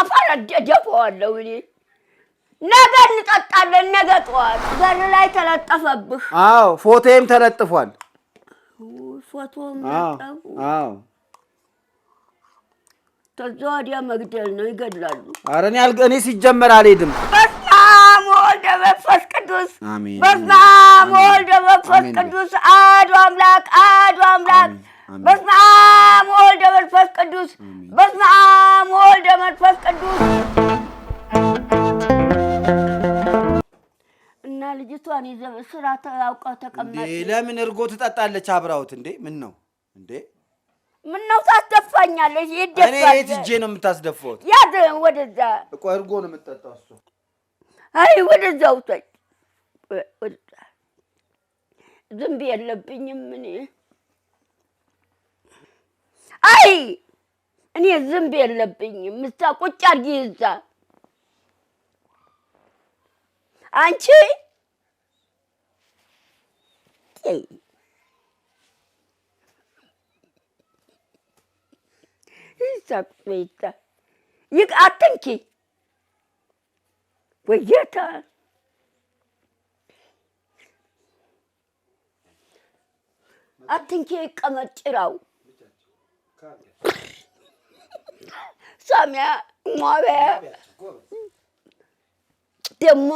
አፈር ደፋዋለሁ እኔ። ነገ እንጠጣለን። ነገ ጠዋት በር ላይ ተለጠፈብህ። አዎ ፎቶዬም ተለጥፏል። ፎቶም ለጠፉ። ከዛ ወዲያ መግደል ነው፣ ይገድላሉ። ኧረ እኔ አልገ እኔ ሲጀመር አልሄድም። በስመ አብ ወወልድ ወመንፈስ ቅዱስ አሜን። በስመ አብ ወወልድ ወመንፈስ ቅዱስ አሐዱ አምላክ አሐዱ አምላክ በስመ አብ ወልደ መንፈስ ቅዱስ በስመ አብ ወልደ መንፈስ ቅዱስ። እና ልጅቷን ስራ አውቃ ተቀመጥ። ለምን እርጎ ትጠጣለች አብራውት? እንዴ ምን ነው እንዴ? ምን ነው ታስደፋኛለች? ይደፋል። እኔ እጄ ነው የምታስደፋው ያድ ወደዛ እኮ እርጎ ነው የምትጠጣው እሱ። አይ ወደዛ ውሰድ። ዝንብ የለብኝም እኔ አይ እኔ ዝንብ የለብኝም። እዛ ቁጭ አድርጊ እዛ አንቺ እዛ ይቅ አትንኪ ወየታ አትንኪ ይቀመጭራው ሳሚያ ሟቢያ ደሞ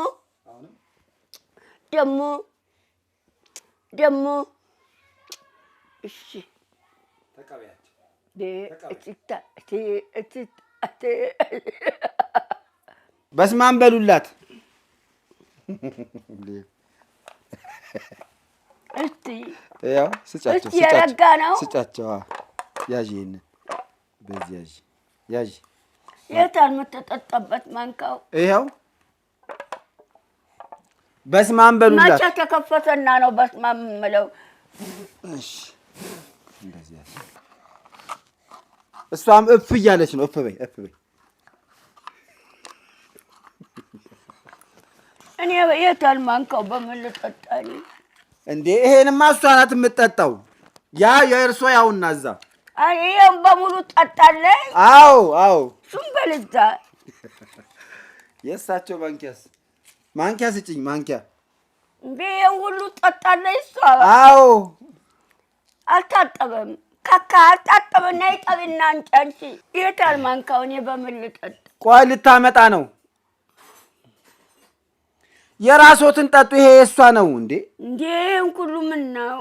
ደግሞ ደግሞ እሺ በስመ አብ በሉላት። እስቲ ያው ስጫቸው ስጫቸው። ያዥ ይሄንን በዚህ ያዥ ያዥ። የት አልመተጠጣበት ማንካው ይኸው። በስመ አብ በሉላት። መቼ ተከፈተና ነው በስመ አብ የምለው? እሷም እፍ እያለች ነው። እፍ በይ እፍ በይ። እኔ የት አልማንካው በምን ልጠጣ እንዴ? ይሄንማ እሷ ናት የምትጠጣው። ያ የእርሶ ያውና እዛ ይሄን በሙሉ ጠጣለህ? አዎ አዎ። እሱም በልዛ የእሳቸው ማንኪያስ ማንኪያ ስጭኝ ማንኪያ። እንዴ ይሄን ሁሉ ጠጣለህ? እሷ አዎ። አልታጠበም ካካ አልታጠበና ይጠብና አንጫንቺ ይሄታል ማንካው። እኔ በምን ልጠጥ? ቆይ ልታመጣ ነው። የራስዎትን ጠጡ። ይሄ የእሷ ነው እንዴ? እንዴ ይሄን ሁሉ ምን ነው?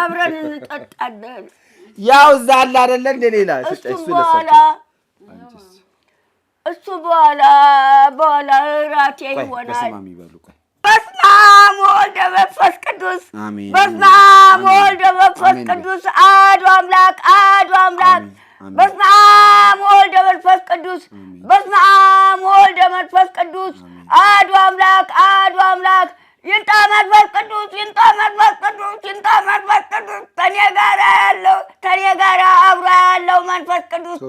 አብረን እንጠጣለን። ያው እዛ አለ አይደለ እንደ ሌላ እሱ በኋላ እሱ በኋላ በኋላ እራቴ ይሆናል። በስመ አብ ወወልድ ወመንፈስ ቅዱስ በስመ አብ ወወልድ ወመንፈስ ቅዱስ አሐዱ አምላክ አሐዱ አምላክ በስመ አብ ወወልድ ወመንፈስ ቅዱስ በስመ አብ ወወልድ ወመንፈስ ቅዱስ አሐዱ አምላክ አሐዱ አምላክ ይንጣ መንፈስ ቅዱስ ይንጣ መንፈስ ቅዱስ ይንጣ መንፈስ ቅዱስ ከኔ ጋር ያለው ከኔ ጋር አብሮ ያለው መንፈስ ቅዱስ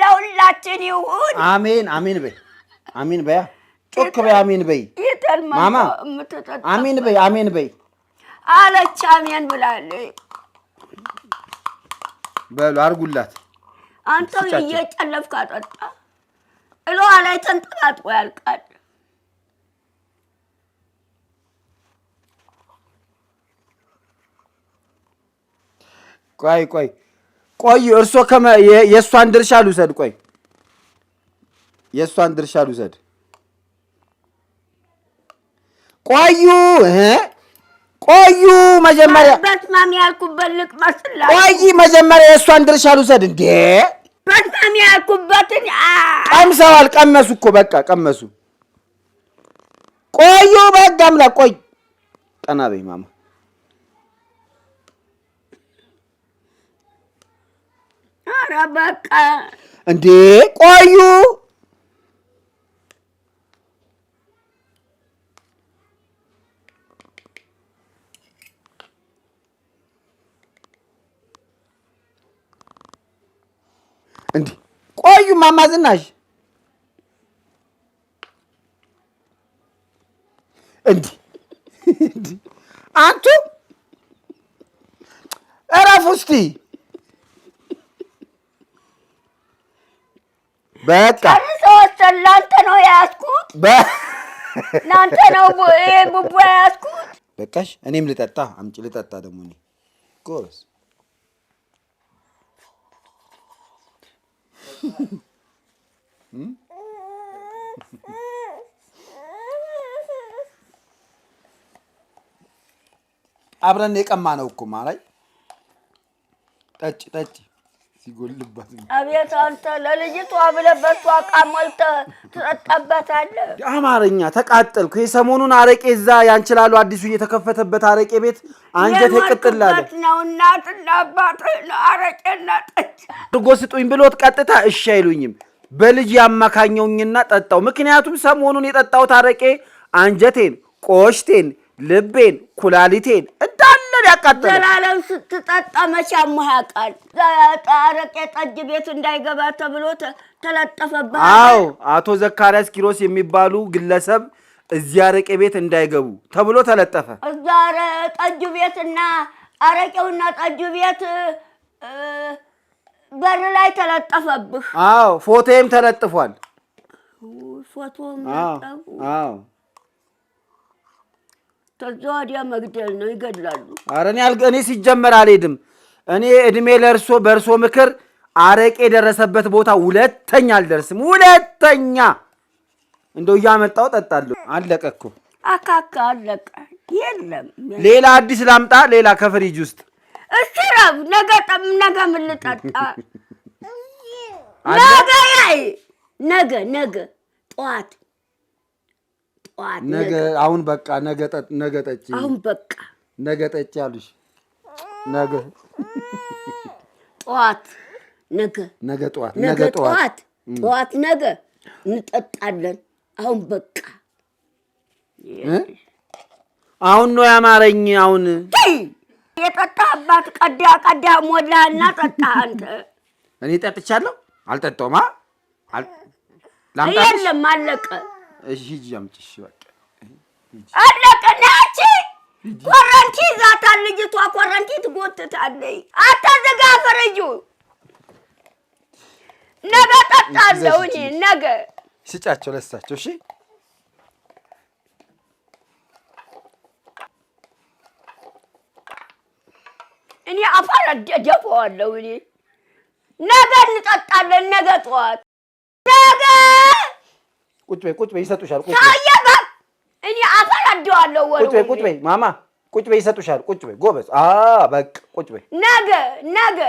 ለሁላችን ይሁን። አሜን አሜን በይ አሜን በያ ጮክ በይ አሜን በይ ማማ አሜን በይ አሜን በይ አለች። አሜን ብላለች። በሉ አድርጉላት። አንተው እየጨለፍክ አጠጣ እሎ አላይ ተንጠላጥቆ ያልቃል። ቆይ ቆይ ቆይ እርሶ ከመ የእሷን ድርሻ ልውሰድ። ቆይ የእሷን ድርሻ ልውሰድ። ቆዩ ቆዩ፣ መጀመሪያ በስማም ያልኩበት ልቅመስላ። ቆይ መጀመሪያ የእሷን ድርሻ ልውሰድ። እንዴ በስማም ያልኩበትን ቀምሰዋል። ቀመሱ እኮ በቃ ቀመሱ። ቆዩ በጋምላ ቆይ፣ ቀና በይ ማማ በቃ እንዴ ቆዩ። እንዲህ ቆዩ እማማ ዝናሽ እንዲህ አንቱ እረፍ ውስቲ በቃ ሰዎች እናንተ ነው የያዝኩት፣ እናንተ ነው ቡቡ የያዝኩት። በቃሽ፣ እኔም ልጠጣ አምጪ፣ ልጠጣ ደግሞ እኔ ጎበዝ አብረን የቀማ ነው እኮ ማላይ ጠጭ ጠጭ ሲጎልባት አቤት አንተ ለልጅቷ ብለህ በእሷ ዕቃ ሞልተህ ትጠጣበታለህ። አማርኛ ተቃጠልኩ። የሰሞኑን አረቄ እዛ ያንችላሉ አዲሱ እየተከፈተበት አረቄ ቤት አንጀት ቅጥላለ ነው። እናትና አባትህ አረቄና ጠጅ አድርጎ ስጡኝ ብሎት ቀጥታ እሺ አይሉኝም። በልጅ ያማካኘውኝና ጠጣው። ምክንያቱም ሰሞኑን የጠጣሁት አረቄ አንጀቴን፣ ቆሽቴን፣ ልቤን፣ ኩላሊቴን ነው ያቃጠለ። ዘላለም ስትጠጣ መቼ አሞህ ያውቃል? አረቄ ጠጅ ቤት እንዳይገባ ተብሎ ተለጠፈበት። አዎ አቶ ዘካሪያስ ኪሮስ የሚባሉ ግለሰብ እዚያ አረቄ ቤት እንዳይገቡ ተብሎ ተለጠፈ። እዛ ጠጁ ቤትና አረቄውና ጠጁ ቤት በር ላይ ተለጠፈብህ። አዎ ፎቶዬም ተለጥፏል። ፎቶ ከዛ ወዲያ መግደል ነው ይገድላሉ። ኧረ እኔ አልገ እኔ ሲጀመር አልሄድም። እኔ እድሜ ለእርሶ በእርሶ ምክር አረቄ የደረሰበት ቦታ ሁለተኛ አልደርስም። ሁለተኛ እንደው እያመጣው ጠጣለሁ። አለቀ እኮ አካካ አለቀ። የለም ሌላ አዲስ ላምጣ፣ ሌላ ከፍሪጅ ውስጥ እሺ። ነገ ጠም ነገ ምን ልጠጣ? ነገ ያይ ነገ ነገ ጠዋት ጠዋት ነገ አሁን በቃ ነገ ነገ ጠጪ አሁን በቃ ነገ ጠጪ አሉሽ። ነገ ጠዋት ነገ ነገ ጠዋት ነገ ጠዋት ጠዋት ነገ እንጠጣለን። አሁን በቃ አሁን ነው ያማረኝ። አሁን የጠጣህባት ቀዳ ቀዳ ሞላህና ጠጣ አንተ። እኔ ጠጥቻለሁ። አልጠጣሁም። የለም አለቀ እሺ ሂጂ አምጪሽ። በቃ አለቀናች። ኮረንቲ ይዛታል ልጅቷ፣ ኮረንቲ ትጎትታለች። አታዘጋ ፍርጁ። ነገ ጠጣለሁ እኔ ነገ። ስጫቸው ለሳቸው። እሺ እኔ አፋር እኔ ነገ እንጠጣለን፣ ነገ ጠዋት ቁጭ በይ ቁጭ በይ ይሰጡሻል። እኔ አፈራደዋለሁ። ቁጭ በይ ቁጭ በይ ማማ ቁጭ በይ ይሰጡሻል። ቁጭ በይ ጎበዝ። በቃ ቁጭ በይ። ነገ ነገ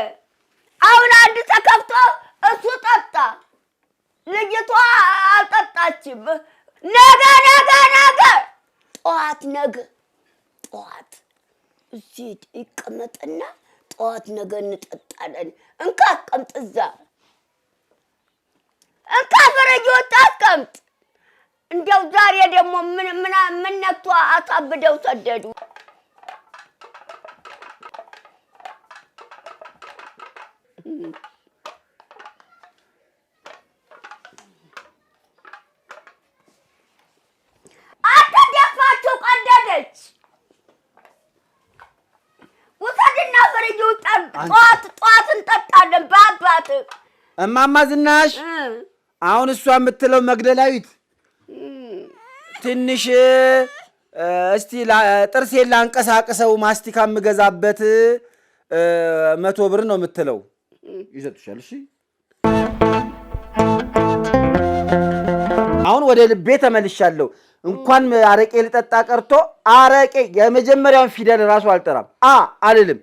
አሁን አንድ ተከፍቶ እሱ ጠጣ፣ ልጅቷ አልጠጣችም። ነገ ነገ ነገ ጠዋት ነገ ጠዋት እዚህ ይቀመጥና ጠዋት ነገ እንጠጣለን። እንካ አስቀምጥ፣ እዛ እንካ ፍሪጅ ወጣ አስቀምጥ እንደው ዛሬ ደግሞ ምን ምን ነክቶ አሳብደው ሰደዱ። አትደፋችሁ፣ ቀደደች። እንጠጣለን። በአባት እማማ ዝናሽ አሁን እሷ የምትለው መግደላዊት ትንሽ እስቲ ጥርሴን ላንቀሳቅሰው ማስቲካ የምገዛበት መቶ ብር ነው የምትለው። ይሰጡሻል። እሺ አሁን ወደ ልቤ ተመልሻለሁ። እንኳን አረቄ ልጠጣ ቀርቶ አረቄ የመጀመሪያውን ፊደል እራሱ አልጠራም፣ አ አልልም።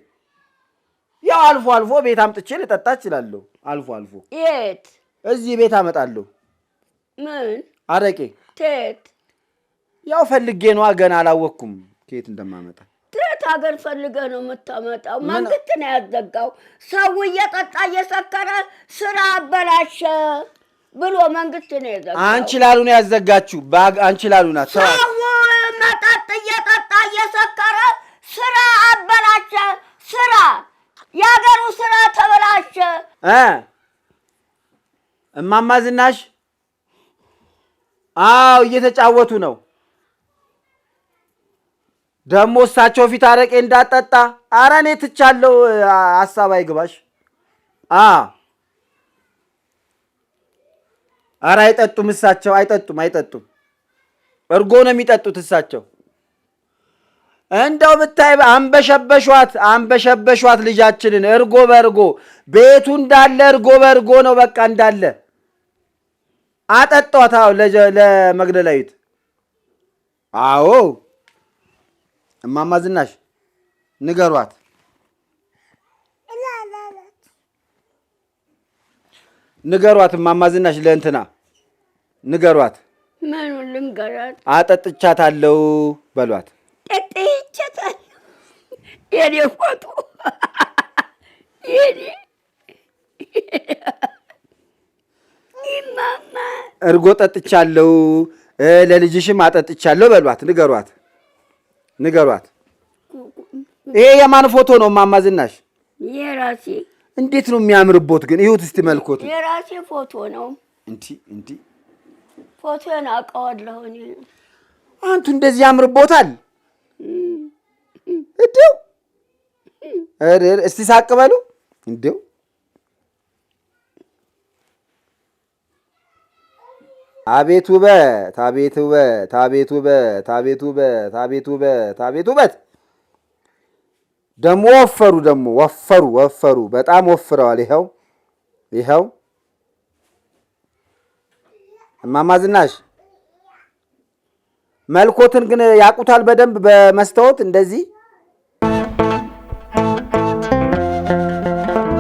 ያው አልፎ አልፎ ቤት አምጥቼ ልጠጣ እችላለሁ። አልፎ አልፎ የት እዚህ ቤት አመጣለሁ ምን አረቄ ቴት ያው ፈልጌ ነዋ። ገና አላወቅኩም ከየት እንደማመጣ። ቴት ሀገር ፈልገህ ነው የምታመጣው? መንግስት ነው ያዘጋው። ሰው እየጠጣ እየሰከረ ስራ አበላሸ ብሎ መንግስት ነው የዘጋው። አንቺ ላሉ ነው ያዘጋችሁ። አንቺ ላሉ ናት። ሰው መጠጥ እየጠጣ እየሰከረ ስራ አበላሸ። ስራ የሀገሩ ስራ ተበላሸ። እማማ ዝናሽ አዎ እየተጫወቱ ነው። ደግሞ እሳቸው ፊት አረቄ እንዳጠጣ ኧረ እኔ ትቻለው። ሀሳብ አይግባሽ። አረ አይጠጡም እሳቸው አይጠጡም አይጠጡም። እርጎ ነው የሚጠጡት እሳቸው። እንደው ብታይ አንበሸበሿት አንበሸበሿት ልጃችንን። እርጎ በእርጎ ቤቱ እንዳለ እርጎ በእርጎ ነው በቃ እንዳለ አጠጧት። አዎ ለመግደላዊት። አዎ እማማ ዝናሽ ንገሯት። ንገሯት እማማ ዝናሽ ለእንትና ንገሯት። ምኑን ልንገራት? አጠጥቻታለሁ በሏት። ጠጥቻታለሁ የኔ ፎቶ እርጎ ጠጥቻለሁ፣ ለልጅሽም አጠጥቻለሁ በሏት። ንገሯት ንገሯት። ይሄ የማን ፎቶ ነው እማማ ዝናሽ? የራሴ። እንዴት ነው የሚያምርቦት ግን! ይሁት እስቲ መልኮት። የራሴ ፎቶ ነው። እንቲ እንቲ ፎቶን አውቀዋለሁ እኔ። አንቱ እንደዚህ ያምርቦታል። እንዴው እስቲ ሳቅ በሉ እንዴው አቤት ውበት አቤት ውበት አቤት ውበት አቤት ውበት አቤት ውበት አቤት ውበት። ደግሞ ወፈሩ ደግሞ ወፈሩ ወፈሩ በጣም ወፍረዋል። ይኸው ይኸው እማማ ዝናሽ መልኮትን ግን ያቁታል በደንብ በመስታወት እንደዚህ